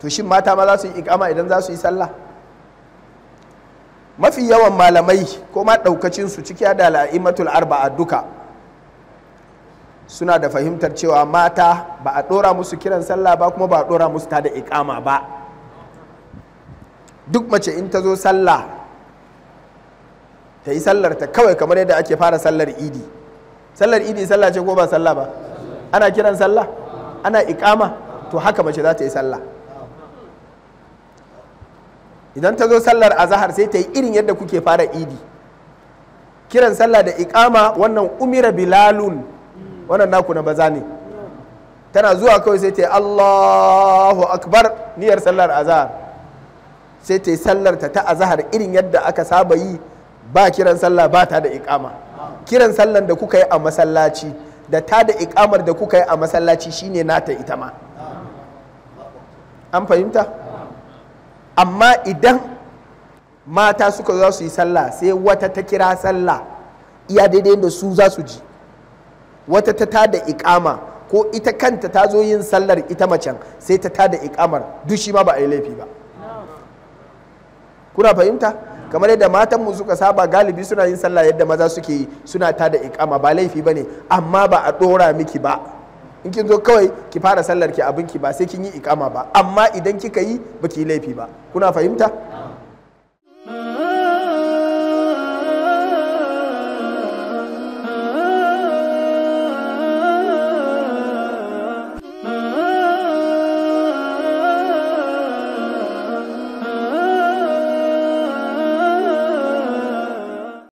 to shin mata ma za su yi ikama idan za su yi sallah mafi yawan malamai ko ma daukacin su ciki da al'aimatul arba'a duka suna da fahimtar cewa mata ba a dora musu kiran sallah ba kuma ba a dora musu ta da ikama ba duk mace in ta zo sallah ta yi sallar ta kawai kamar yadda ake fara sallar idi sallar idi sallah ce ko ba sallah ba ana kiran sallah ana ikama to haka mace za ta yi sallah idan ta zo sallar azahar sai ta yi irin yadda kuke fara idi kiran sallah da ikama wannan umira bilalun wannan naku na baza ne tana zuwa kawai sai ta yi allahu akbar niyar sallar azahar sai ta yi sallar ta ta azahar irin yadda aka saba yi ba kiran sallah ba ta da ikama kiran sallar da kuka yi a masallaci da ta da ikamar da kuka yi a masallaci shine nata ita ma an fahimta amma idan mata suka za su yi sallah sai wata ta kira sallah iya daidai da su za su ji wata ta tada ikama ko ita kanta ta zo yin sallar ita macen sai ta tada ikamar duk shi ma ba a yi laifi ba kuna fahimta kamar yadda matanmu mu suka saba galibi suna yin sallah yadda maza suke yi suna tada ikama ba laifi ba ne amma ba a dora miki ba in kin zo kawai ki fara sallar ki abinki ba sai kin yi ikama ba amma idan kika yi baki laifi ba kuna fahimta